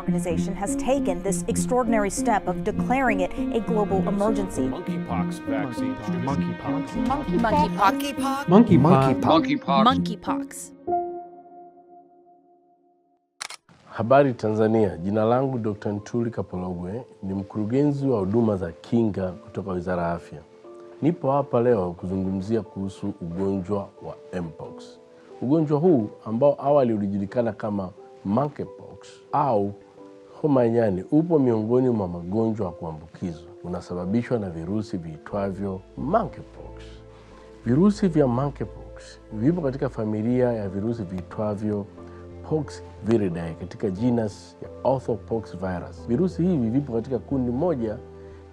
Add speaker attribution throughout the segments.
Speaker 1: Organization has taken this extraordinary step of declaring it a global emergency. Monkeypox vaccine. Monkeypox. Monkeypox. Monkeypox. Monkeypox. Monkeypox. Monkeypox. Habari Tanzania. Jina langu Dr. Ntuli Kapologwe, ni mkurugenzi wa huduma za kinga kutoka Wizara ya Afya. Nipo hapa leo kuzungumzia kuhusu ugonjwa wa mpox. Ugonjwa huu ambao awali ulijulikana kama monkeypox au Homa ya nyani upo miongoni mwa magonjwa ya kuambukizwa, unasababishwa na virusi viitwavyo monkeypox. Virusi vya monkeypox vipo katika familia ya virusi viitwavyo Poxviridae katika genus ya virus. Virusi hivi vipo katika kundi moja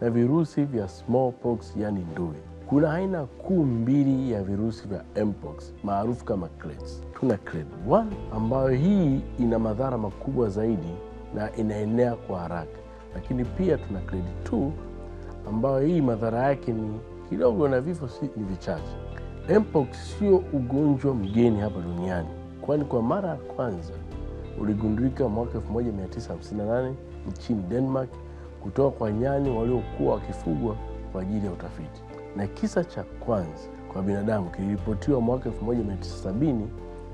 Speaker 1: na virusi vya smallpox, yani ndui. Kuna aina kuu mbili ya virusi vya mpox maarufu kama clades. Tuna clade 1 ambayo hii ina madhara makubwa zaidi na inaenea kwa haraka. Lakini pia tuna grade 2 ambayo hii madhara yake ni kidogo na vifo si ni vichache. Mpox sio ugonjwa mgeni hapa duniani, kwani kwa mara ya kwanza uligundulika mwaka 1958 nchini Denmark kutoka kwa nyani waliokuwa wakifugwa kwa ajili ya utafiti, na kisa cha kwanza kwa binadamu kiliripotiwa mwaka 1970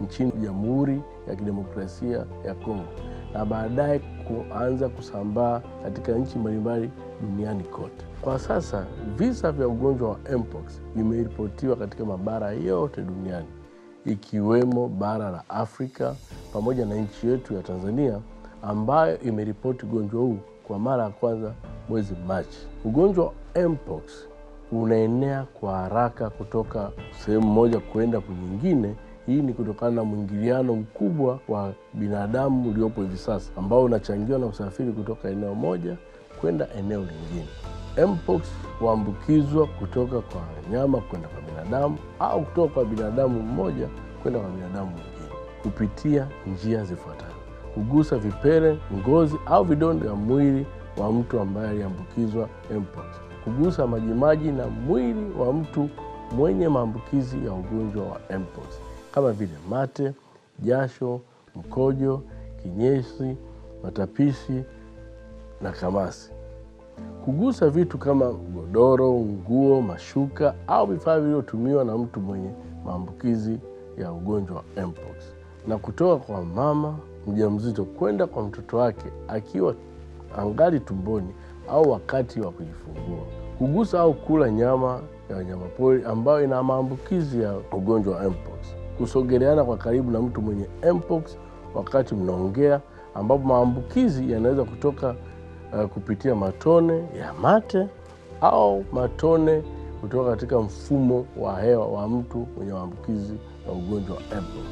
Speaker 1: nchini Jamhuri ya Kidemokrasia ya Kongo na baadaye kuanza kusambaa katika nchi mbalimbali duniani kote. Kwa sasa visa vya ugonjwa wa mpox vimeripotiwa katika mabara yote duniani ikiwemo bara la Afrika pamoja na nchi yetu ya Tanzania ambayo imeripoti ugonjwa huu kwa mara ya kwanza mwezi Machi. Ugonjwa wa mpox unaenea kwa haraka kutoka sehemu moja kwenda nyingine hii ni kutokana na mwingiliano mkubwa wa binadamu uliopo hivi sasa ambao unachangiwa na usafiri kutoka eneo moja kwenda eneo lingine. Mpox huambukizwa kutoka kwa wanyama kwenda kwa binadamu au kutoka kwa binadamu mmoja kwenda kwa binadamu mwingine kupitia njia zifuatazo: kugusa vipele, ngozi au vidonda vya mwili wa mtu ambaye aliambukizwa mpox, kugusa majimaji na mwili wa mtu mwenye maambukizi ya ugonjwa wa mpox kama vile mate, jasho, mkojo, kinyesi, matapishi na kamasi. Kugusa vitu kama godoro, nguo, mashuka au vifaa vilivyotumiwa na mtu mwenye maambukizi ya ugonjwa wa mpox, na kutoka kwa mama mjamzito kwenda kwa mtoto wake akiwa angali tumboni au wakati wa kujifungua. Kugusa au kula nyama ya wanyamapori ambayo ina maambukizi ya ugonjwa wa mpox kusogeleana kwa karibu na mtu mwenye mpox wakati mnaongea, ambapo maambukizi yanaweza kutoka uh, kupitia matone ya mate au matone kutoka katika mfumo wa hewa wa mtu mwenye maambukizi ya ugonjwa wa mpox.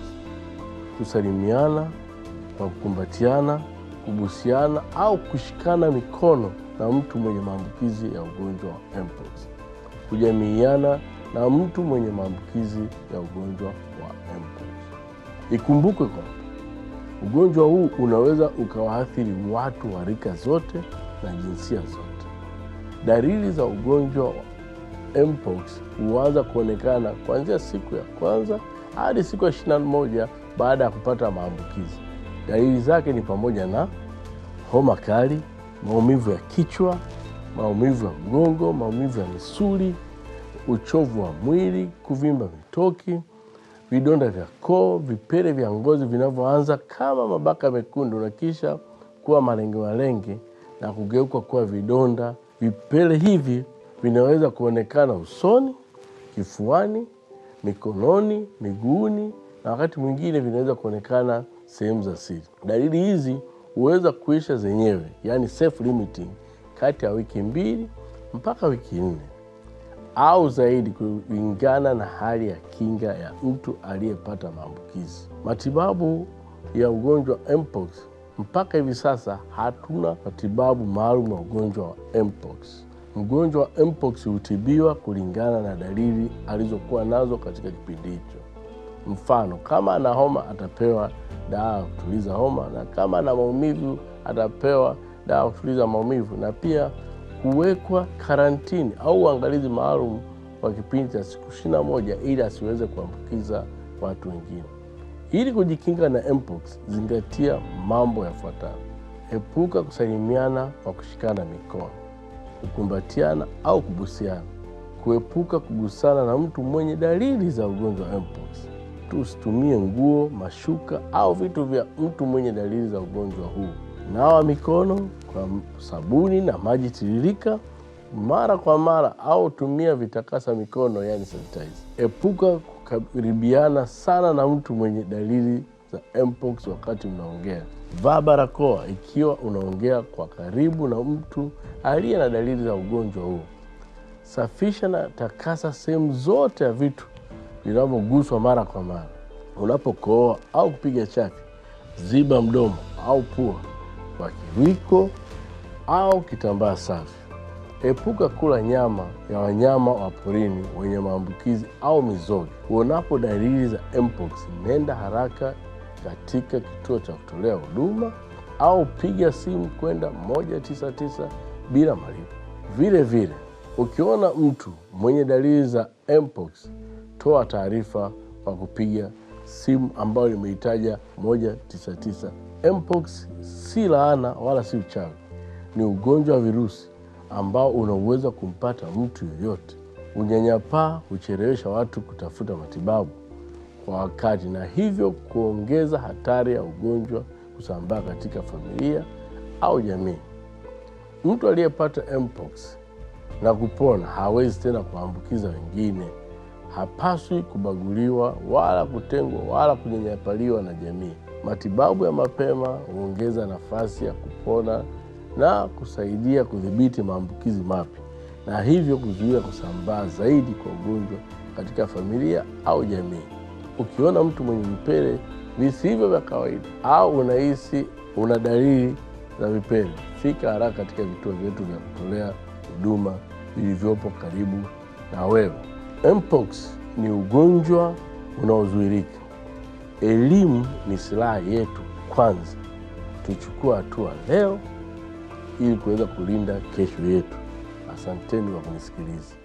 Speaker 1: Kusalimiana kwa kukumbatiana, kubusiana au kushikana mikono na mtu mwenye maambukizi ya ugonjwa wa mpox, kujamiiana na mtu mwenye maambukizi ya ugonjwa wa mpox. Ikumbukwe kwamba ugonjwa huu unaweza ukawaathiri watu wa rika zote na jinsia zote. Dalili za ugonjwa wa mpox huanza kuonekana kuanzia siku ya kwanza hadi siku ya moja baada ya kupata maambukizi. Dalili zake ni pamoja na homa kali, maumivu ya kichwa, maumivu ya mgongo, maumivu ya misuli uchovu wa mwili, kuvimba vitoki, vidonda vya koo, vipele vya ngozi vinavyoanza kama mabaka mekundu na kisha kuwa malenge na kugeuka kuwa vidonda. Vipele hivi vinaweza kuonekana usoni, kifuani, mikononi, miguuni na wakati mwingine vinaweza kuonekana sehemu za siri. Dalili hizi huweza kuisha zenyewe, yani self limiting, kati ya wiki mbili mpaka wiki nne au zaidi kulingana na hali ya kinga ya mtu aliyepata maambukizi. Matibabu ya ugonjwa wa mpox, mpaka hivi sasa hatuna matibabu maalum ya ugonjwa wa mpox. Mgonjwa wa mpox hutibiwa kulingana na dalili alizokuwa nazo katika kipindi hicho. Mfano, kama ana homa atapewa dawa ya kutuliza homa, na kama ana maumivu atapewa dawa ya kutuliza maumivu, na pia kuwekwa karantini au uangalizi maalum kwa kipindi cha siku ishirini moja ili asiweze kuambukiza watu wengine. Ili kujikinga na mpox, zingatia mambo yafuatayo: epuka kusalimiana kwa kushikana mikono, kukumbatiana au kubusiana, kuepuka kugusana na mtu mwenye dalili za ugonjwa wa mpox. Usitumie nguo, mashuka au vitu vya mtu mwenye dalili za ugonjwa huu nawa mikono kwa sabuni na maji tiririka mara kwa mara, au tumia vitakasa mikono, yani sanitize. Epuka kukaribiana sana na mtu mwenye dalili za mpox wakati unaongea Vaa barakoa ikiwa unaongea kwa karibu na mtu aliye na dalili za ugonjwa huo. Safisha na takasa sehemu zote ya vitu vinavyoguswa mara kwa mara. unapokooa au kupiga chake ziba mdomo au pua kwa kiwiko au kitambaa safi. Epuka kula nyama ya wanyama wa porini wenye maambukizi au mizoga. Uonapo dalili za mpox, nenda haraka katika kituo cha kutolea huduma au piga simu kwenda 199 bila malipo. Vile vile, ukiona mtu mwenye dalili za mpox, toa taarifa kwa kupiga simu ambayo limehitaja 199 Mpox si laana wala si uchawi, ni ugonjwa wa virusi ambao unaweza kumpata mtu yoyote. Unyanyapaa huchelewesha watu kutafuta matibabu kwa wakati na hivyo kuongeza hatari ya ugonjwa kusambaa katika familia au jamii. Mtu aliyepata Mpox na kupona hawezi tena kuambukiza wengine. Hapaswi kubaguliwa wala kutengwa wala kunyanyapaliwa na jamii. Matibabu ya mapema huongeza nafasi ya kupona na kusaidia kudhibiti maambukizi mapya na hivyo kuzuia kusambaa zaidi kwa ugonjwa katika familia au jamii. Ukiona mtu mwenye vipele visivyo vya kawaida au unahisi una dalili za vipele, fika haraka katika vituo vyetu vya kutolea huduma vilivyopo karibu na wewe. Mpox ni ugonjwa unaozuirika elimu ni silaha yetu kwanza. Tuchukua hatua leo ili kuweza kulinda kesho yetu. Asanteni kwa kunisikiliza.